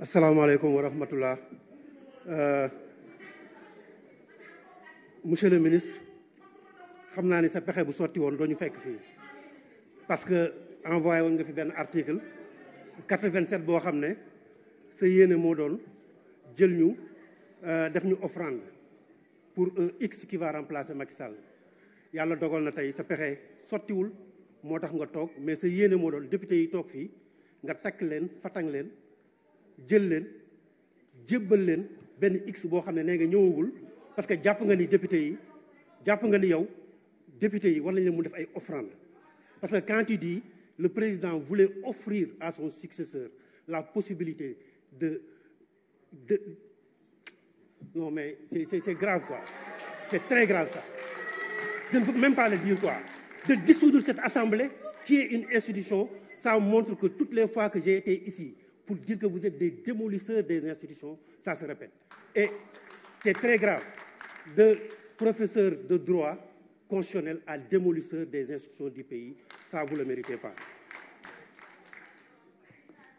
asalaamaaleykum wa rahmatullah euh, monsieur le ministre xam naa ni sa pexe bu sotti woon doo ñu fekk fii parce que envoyé woon nga fi benn article 87 boo xam ne sa yéene moo doon jël ñu euh, def ñu offrande pour un X qui va remplacer Macky Sall yàlla dogal na tey sa pexe sottiwul moo tax nga toog mais sa yéene moo doon député yi toog fii nga takk leen fatang leen jël leen jébbal leen benn x boo xam ne nee nga ñëwagul parce que jàpp nga ni député yi jàpp nga ni yow député yi war nañ leen mu def ay offrande parce que quand tu le président voulait offrir à son successeur la possibilité de de non mais c'est c'est grave quoi c'est très grave ça je ne peux même dire quoi de dissoudre cette assemblée qui est une institution sa montre que toutes les fois que j'ai été ici pour dire que vous êtes des démolisseurs des institutions, ça se répète. Et de professeur de droit constitutionnel à démolisseur des institutions du pays, ça vous pas.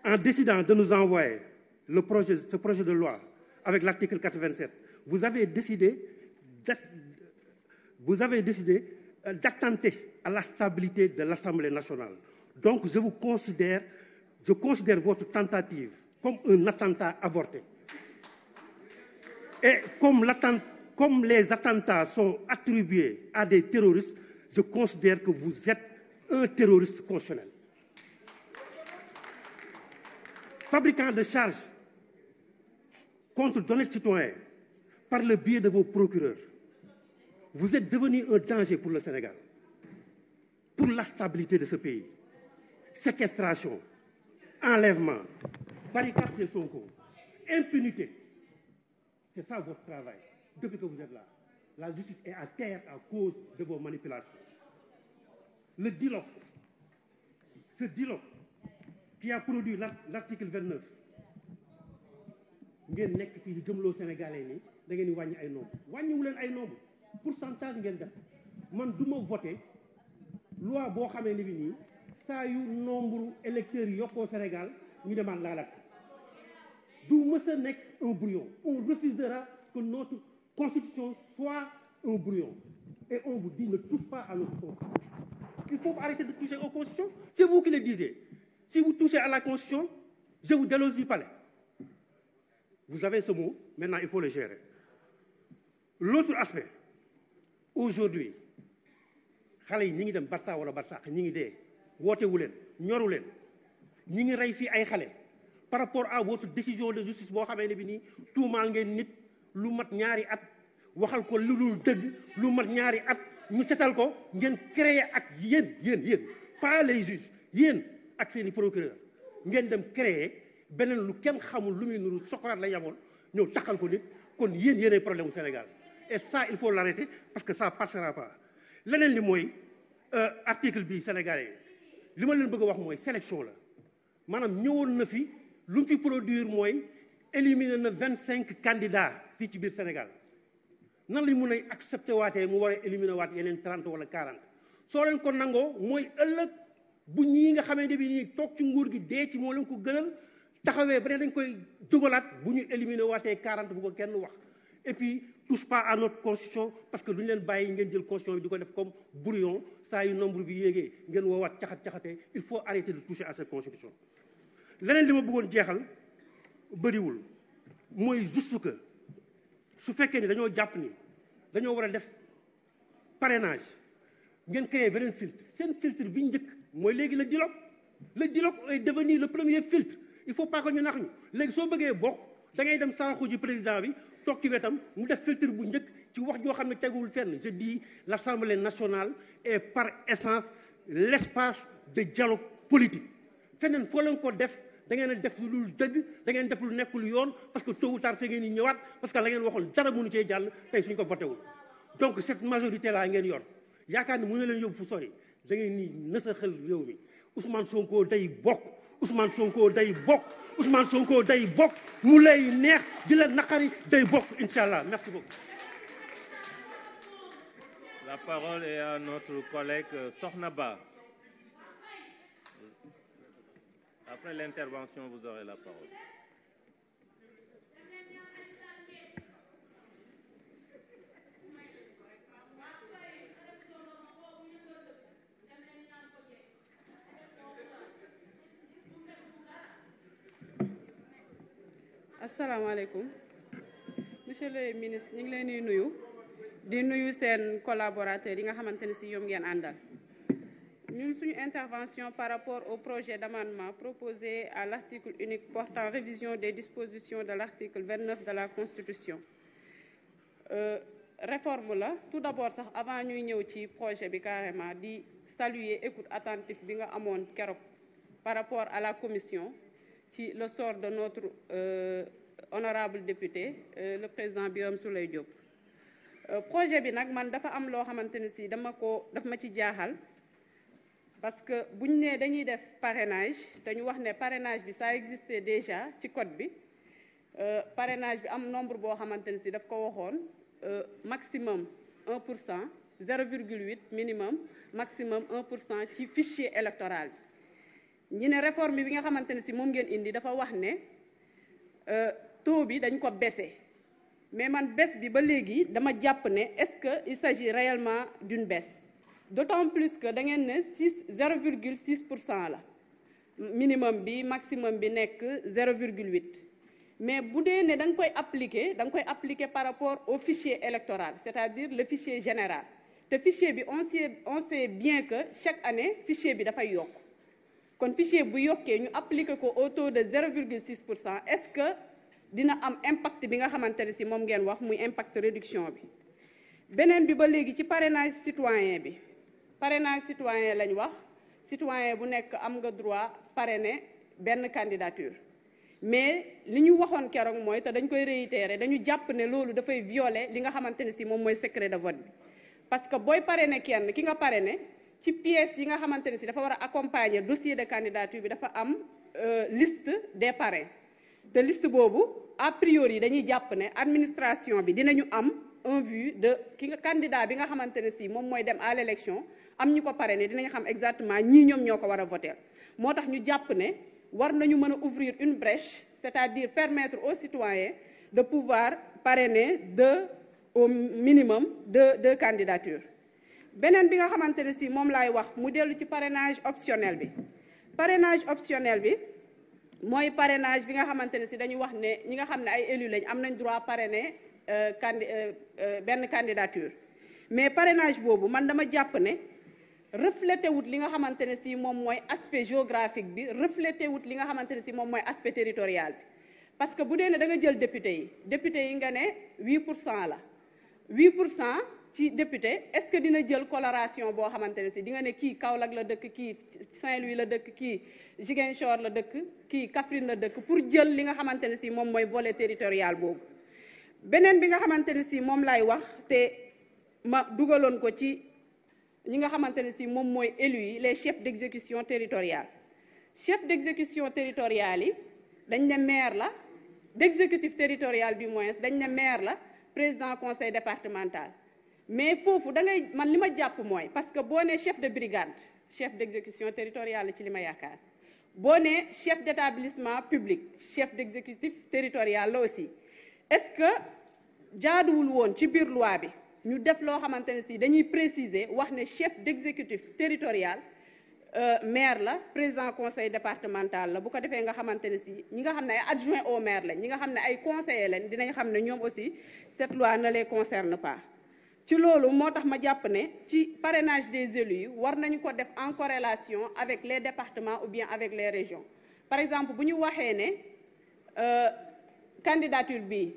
En décidant de nous envoyer le projet, ce projet de loi avec l'article 87, vous avez décidé vous avez décidé euh, d'attenter à la stabilité de l'Assemblée nationale. Donc je considère votre tentative comme un attentat avorté. Et comme, comme, les attentats sont attribués à des terroristes, je considère que vous êtes un terroriste constitutionnel. Fabricant de charge contre d'honnêtes citoyens par le biais de vos procureurs, vous êtes devenu un danger pour le Sénégal, pour la stabilité de ce pays. Séquestration, enlèvement, barricade de Sonko, impunité. C'est ça votre travail, depuis que vous êtes La justice est à terre à cause de vos manipulations. Le dialogue, ce dialogue qui a produit l'article 29, ngeen nekk fii di gëmloo Sénégalais nii da ngeen di wàññi ay nombre wàññiwu leen ay nombre pourcentage ngeen def man du ma voté loi boo xamee ni bi nii saa yu nombre électeurs yi yokkoo Sénégal ñu demande la lacte du mës a nekk un brouillon on refusera que notre constitution soit un brouillon et on vous dit ne touche pas à notre constitution il faut arrêter de toucher aux constitutions c'est vous qui le disiez si vous touchez à la constitution je vous déloge du palais vous avez ce mot maintenant il faut le gérer l'autre aspect aujourd'hui xale yi ñi ngi dem Barça wala Barça ñi ngi dee wootewu leen ñoru leen ñi ngi rey fii ay xale par rapport à votre décision de justice boo xamee ne bi nii tuumaal ngeen nit lu mat ñaari at waxal ko lu lu tëgg lu mat ñaari at ñu setal ko ngeen créer ak yéen yéen yéen pas les juges yéen ak seeni procureur ngeen dem créer beneen lu kenn xamul lu muy nuru soxoraat la yamoon ñëw taxal ko nit kon yéen yéenay problème Sénégal et ça il faut l'arrêter parce que ça passera pas leneen li mooy euh, article bi sénégalais li ma leen bëgg a wax mooy sélection la maanaam ñëwoon na fi lu mu fi produire mooy éliminer na vingt cinq candidats fii ci biir Sénégal nan lañ mun a accepté waatee mu war a éliminer waat yeneen trente wala quarante soo leen ko nangoo mooy ëllëg bu ñii nga xamante bi nii toog ci nguur gi dee ci moo leen ko gënal taxawee ba ne dañ koy dugalaat bu ñu éliminer waatee quarante bu ko kenn wax et puis touche pas à notre constitution parce que lu ñu leen bàyyi ngeen jël constitution bi di ko def comme brouillon saa yu nombre bi yéegee ngeen woowaat caxat caxatee il faut arrêter de toucher à cette constitution leneen li ma bëggoon jeexal bëriwul mooy juste que su fekkee ni dañoo jàpp ni dañoo war a def parenage ngeen créé beneen filtre seen filtre bi njëkk mooy léegi la dialogue le dialogue ay devenu le premier filtre il faut pas que ñu nax ñu léegi soo bëggee bokk da ngay dem saraxu ji président bi toog ci wetam mu def filtre bu njëkk ci wax joo xam ne teguwul fenn jeu di l'Assemblée nationale est par essence l'espace de dialogue politique feneen foo leen ko def da ngeen a def lu dul dëgg da ngeen def lu nekkul yoon parce que tôt ou tard fee ngeen ñëwaat parce que la ngeen waxoon dara mënu cee jàll tey suñ ko voté wul donc cette majorité là ngeen yoon yaakaar ni mu ne leen yóbbu fu sori da ngeen ni nësaxal réew mi Ousmane Sonko day bokk Ousmane Sonko day bokk Ousmane Sonko day bokk mu lay neex di la naqari day bokk incha allah merci beaucoup. La parole est à notre collègue euh, Sokhna Ba. Après l'intervention, vous aurez la parole. asalaamaaleykum monsieur le ministre ñu ngi leen di nuyu di nuyu seen collaborateurs yi nga xamante ne si yoom ngeen àndal ñun suñu intervention par rapport au projet d'amendement proposé à l'article unique portant révision des dispositions de l'article 29 de la Constitution euh, réforme la tout d'abord sax avant ñuy ñëw ci projet bi carrément di saluer écoute attentive bi nga amoon keroog par rapport à la commission ci le sort de notre euh, honorable député euh, le président bi am Birame lay Diop euh, projet bi nag man dafa am loo xamante ne si dama ko daf ma ci jaaxal parce que bu ñu nee dañuy def parrainage te wax ne parrainage bi ça existait déjà ci code bi euh, parenage bi am nombre boo xamante ne si daf ko waxoon maximum 1 pour cent 0,8 minimum maximum 1 pour cent ci fichier électoral bi ñu ne réforme bi nga xamante ne si moom ngeen indi dafa wax ne. taux bi dañ ko baissé mais man baisse bi ba léegi dama jàpp ne est-ce que il s'agit réellement d'une baisse d'autant plus que da ngeen ne six zéro virgule six pour cent la minimum bi maximum bi nekk zéro virgule huit mais bu dee ne da koy appliquer da koy appliquer par rapport au fichier électoral c'est-à-dire le fichier général te fichier bi on sait on sait bien que chaque année fichier bi dafay yokk kon fichier bu yokkee ñu appliquer ko au de zéro virgule six pour cent est-ce que dina am impact bi nga xamante ne si moom ngeen wax muy impact réduction bi beneen bi ba léegi ci pare parrainage citoyen bi pare parrainage citoyen lañ wax citoyen bu nekk am nga droit ne benn candidature mais li ñu waxoon keroog mooy te dañ koy réitérer dañu jàpp ne loolu dafay violer li nga xamante ne si moom mooy secret de vote bi parce que booy pare ne kenn ki nga ne ci pièces yi nga xamante ne si dafa war a accompagner dossier de candidature bi dafa am euh, liste des parrains te liste boobu a priori dañuy jàpp ne administration bi dinañu am en de ki nga candidat bi nga xamante ne si moom mooy dem à am ñu ko parrainé dinañ xam exactement ñii ñoom ñoo ko war a voter moo tax ñu jàpp ne war nañu mën a ouvrir une brèche c'est-à-dire permettre aux citoyens de pouvoir parrainer deux au minimum deux deux candidatures beneen bi nga xamante ne si moom laay wax mu dellu ci parrainage optionnel bi parrainage optionnel bi mooy parenage bi nga xamante ne si dañu wax ne ñi nga xam ne ay élus lañ am nañ droit parrainer euh, candi euh, euh, benn candidature mais parenage boobu man dama jàpp ne reflété wut li nga xamante ne si moom mooy aspect géographique bi reflété wut li nga xamante ne si moom mooy aspect territorial bi parce que bu dee ne da jël député yi député yi nga ne 8 pour cent la 8 pour cent ci député est-ce que dina jël coloration boo xamante ne si di nga ne kii Kaolack la dëkk kii Saint-Louis la dëkk kii Ziguinchor la dëkk kii Kaffrine la dëkk pour jël li nga xamante ne si moom mooy volet territorial boobu. beneen bi nga xamante ne si moom laay wax te ma dugaloon ko ci ñi nga xamante ne si moom mooy élus yi les chefs d'exécution territoriale chef d'exécution territoriale yi dañ ne maire la d'exécutif territorial du moins dañ ne maire la président conseil départemental. mais foofu dangay man li ma jàpp mooy parce que boo nee chef de brigade chef d' exécution la ci li ma yaakaar boo nee chef d' établissement public chef d' exécutif territorial la aussi est ce que jaaduwul woon ci biir loi bi ñu def loo xamante ne si dañuy préciser wax ne chef d' exécutif territorial euh, maire la président conseil départemental la bu ko defee nga xamante ne si ñi nga xam ne ay adjoint au maire lañ ñi nga xam ne ay conseiller lañ dinañ xam ne ñoom aussi cette loi les concerne pas ci loolu moo tax ma jàpp ne ci parrainage des élus yi war nañu ko def en corrélation avec les départements ou bien avec les régions par exemple bu ñu waxee ne euh, candidature bi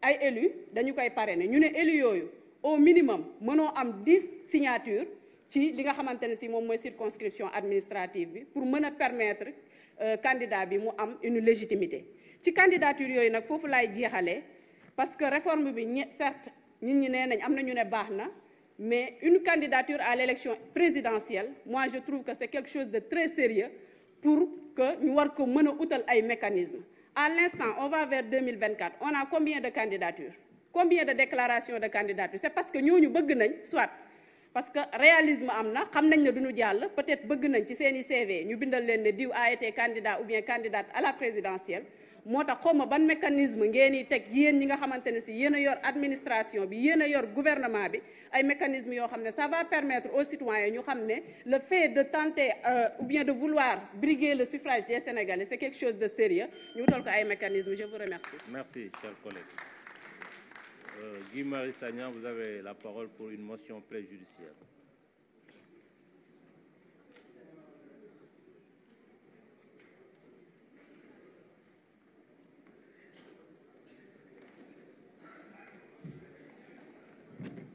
ay élus dañu koy ne ñu ne élus yooyu au minimum mënoo am dix signatures ci li nga xamante ne si moom mooy circonscription administrative bi pour mën a permettre euh, candidat bi mu am une légitimité ci candidature yooyu nag foofu laay jeexalee parce que réforme bi certes nit ñi nee nañ am na ñu ne baax na mais une candidature à l'élection présidentielle moi je trouve que c'est quelque chose de très sérieux pour que ñu war ko mën a utal ay mécanismes à l'instant on va vers 2024 on a combien de candidatures combien de déclarations de candidature c'est parce que ñu bëgg nañ soit parce que réalisme am na xam nañ ne duñu jàll peut-être bëgg nañ ci seeni CV ñu bindal leen ne diw a été candidat ou bien candidate à la présidentielle moo tax xaw ma ban mécanisme ngeen di teg yéen ñi nga xamante ne si yéen a yor administration bi yéen yor gouvernement bi ay mécanismes yoo xam ne sa va permettre aux citoyens ñu xam ne le fait de tenter euh, ou bien de vouloir briguer le suffrage des Sénégalais c'est quelque chose de sérieux ñu wutal ko ay mécanismes je vous remercie. merci chers collègues euh, Guy Marius Sagna vous avez la parole pour une motion préjudicielle.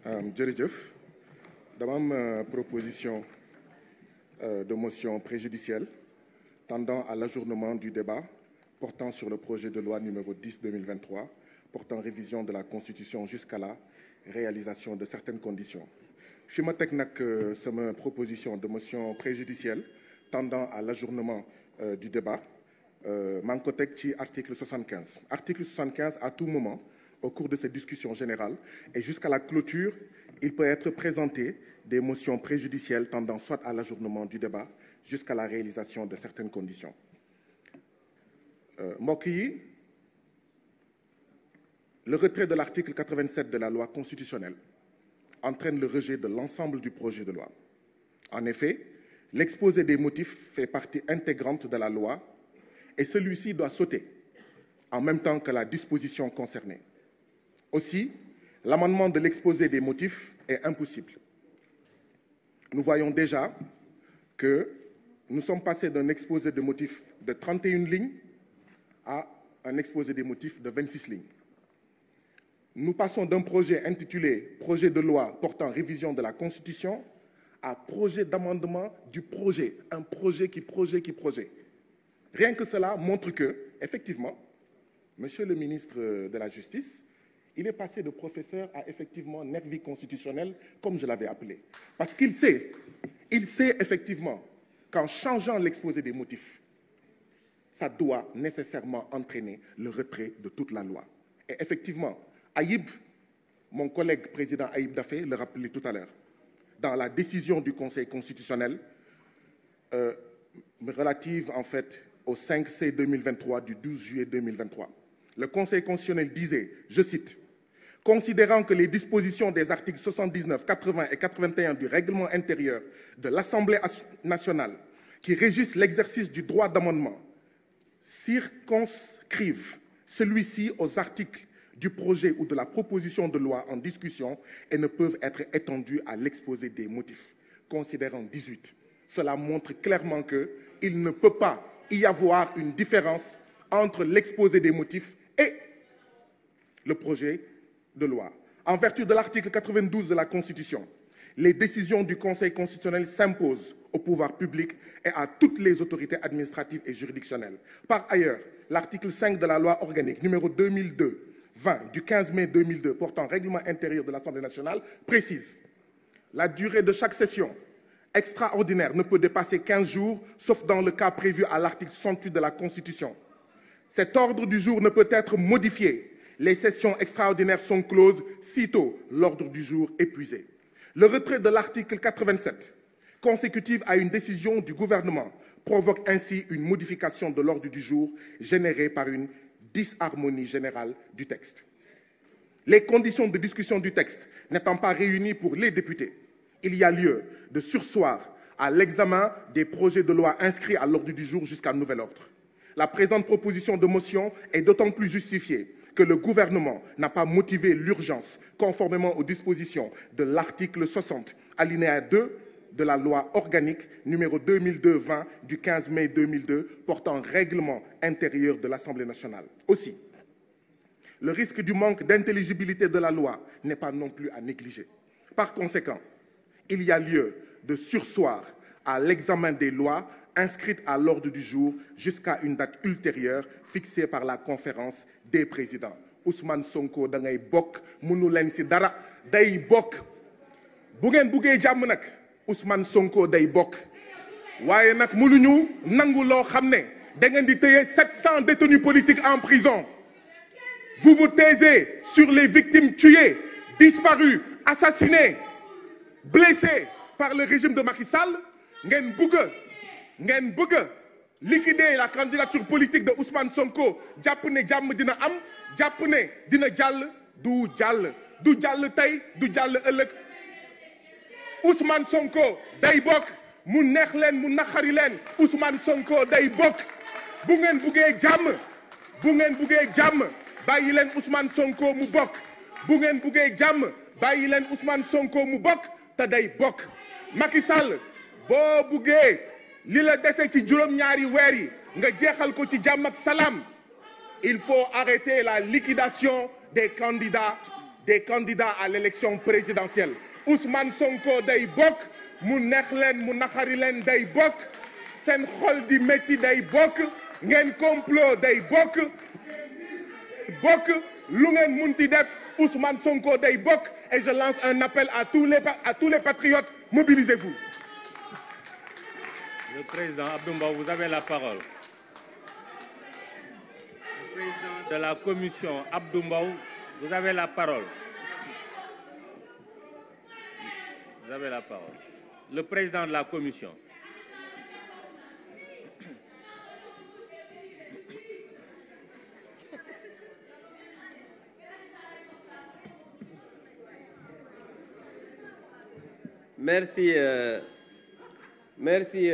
Euh, jërëjëf dama am euh, proposition euh, de motion préjudicielle tendant à l'ajournement du débat portant sur le projet de loi numéro 10-2023 portant révision de la Constitution jusqu'à la réalisation de certaines conditions fi ma teg nag sama proposition de motion préjudicielle tendant à l'ajournement du débat maa ngi ko teg ci article 75 article 75 à tout moment au cours de cette discussion générale et jusqu'à la clôture, il peut être présenté des motions préjudicielles tendant soit à l'ajournement du débat jusqu'à de certaines conditions. Euh, mbokk yi le retrait de l'article 87 de la loi constitutionnelle entraîne le rejet de l'ensemble du projet de loi. En des motifs fait partie intégrante de la loi et celui-ci doit en même temps que la disposition concernée. Aussi, l'amendement de l'exposé des motifs est impossible. Nous voyons déjà que nous sommes passés d'un exposé de motifs de 31 lignes à un exposé des motifs de 26 lignes. Nous passons d'un projet intitulé Projet de loi portant révision de la Constitution à projet d'amendement du projet, un projet qui projet qui projet. Rien que cela montre que, effectivement, Monsieur le ministre de la Justice il est passé de professeur à effectivement nervi constitutionnel, comme je l'avais appelé. Parce qu'il sait, il sait effectivement qu'en changeant l'exposé des motifs, ça doit nécessairement entraîner le retrait de toute la loi. Et effectivement, Aïb, mon collègue président Aïb Dafé le rappelait tout à l'heure, dans la décision du Conseil constitutionnel euh, relative en fait au 5C 2023 du 12 juillet 2023, le Conseil constitutionnel disait, je cite, considérant que les dispositions des articles 79, 80 et 81 du règlement intérieur de l'Assemblée nationale qui régissent l'exercice du droit d'amendement circonscrivent celui-ci aux articles du projet ou la proposition de loi en discussion et ne peuvent être l'exposé des motifs. Considérant 18, cela montre clairement qu'il ne peut pas y avoir différence entre l'exposé des motifs le projet de loi. En vertu de l'article 92 de la Constitution, les décisions du Conseil constitutionnel s'imposent au pouvoir public à toutes les autorités administratives et juridictionnelles. Par ailleurs, l'article 5 de la loi organique numéro 2002-20 du 15 mai 2002 portant règlement intérieur de l'Assemblée nationale précise la durée de chaque session extraordinaire ne peut dépasser 15 jours, sauf dans le cas prévu à l'article 68 de la Constitution. Cet ordre du jour ne modifié Les sessions extraordinaires sont closes sitôt l'ordre du jour épuisé. Le retrait de l'article 87, consécutif à une décision du gouvernement, provoque ainsi une modification de l'ordre du jour générée par une disharmonie générale du texte. Les conditions de discussion du texte n'étant pas réunies pour les députés, il y a lieu de sursoir à des projets de loi inscrits à l'ordre du jour jusqu'à nouvel de motion est d'autant plus que le gouvernement n'a pas motivé l'urgence conformément aux dispositions de l'article 60, alinéa 2 de la loi organique numéro 2002-20 du 15 mai 2002 portant règlement intérieur de l'Assemblée nationale. Aussi, le risque du manque d'intelligibilité de la loi n'est pas non plus à négliger. Par conséquent, il y a lieu de sursoir à l'examen des lois inscrites à l'ordre du jour jusqu'à une date ultérieure fixée par la conférence des présidents Ousmane Sonko da ngay bokk mënu leen ci dara day bokk bu ngeen buggee jàmm nag Ousmane Sonko day bokk waaye nag mënuñu nangu loo xam ne da ngeen di téye 700 détenus politiques en prison vous vous taisez sur les victimes tuées disparues assassinées blessées par le régime de Macky Sall ngeen bëgg ngeen bëgg liquider la candidature politique de Ousmane Sonko jàpp ne jàmm dina am jàpp ne dina jàll du jàll du jàll tey du jàll ëllëg Ousmane Sonko day bokk mu neex leen mu naqari leen Ousmane Sonko day bokk bu ngeen buggee jàmm bu ngeen buggee jàmm bàyyi leen Ousmane Sonko mu bokk bu ngeen buggee jàmm bàyyi leen Ousmane Sonko mu bokk te day bokk Macky Sall boo buggee li la dese ci juróom-ñaari weer yi nga jeexal ko ci jàmm ak salaam il faut arrêter la liquidation des candidats des candidats à l'élection présidentielle Ousmane Sonko day bokk mu neex leen mu naxari leen day bokk seen xol di métti day bokk ngeen complot day bokk bokk lu ngeen munti def Ousmane Sonko day bokk et je lance un appel à tous les à tous les patriotes mobilisez-vous Le président Abdoumba, vous avez la parole. Le président de la commission Abdoumba, vous avez la parole. Vous avez la parole. Le président de la commission. Merci. Euh, merci.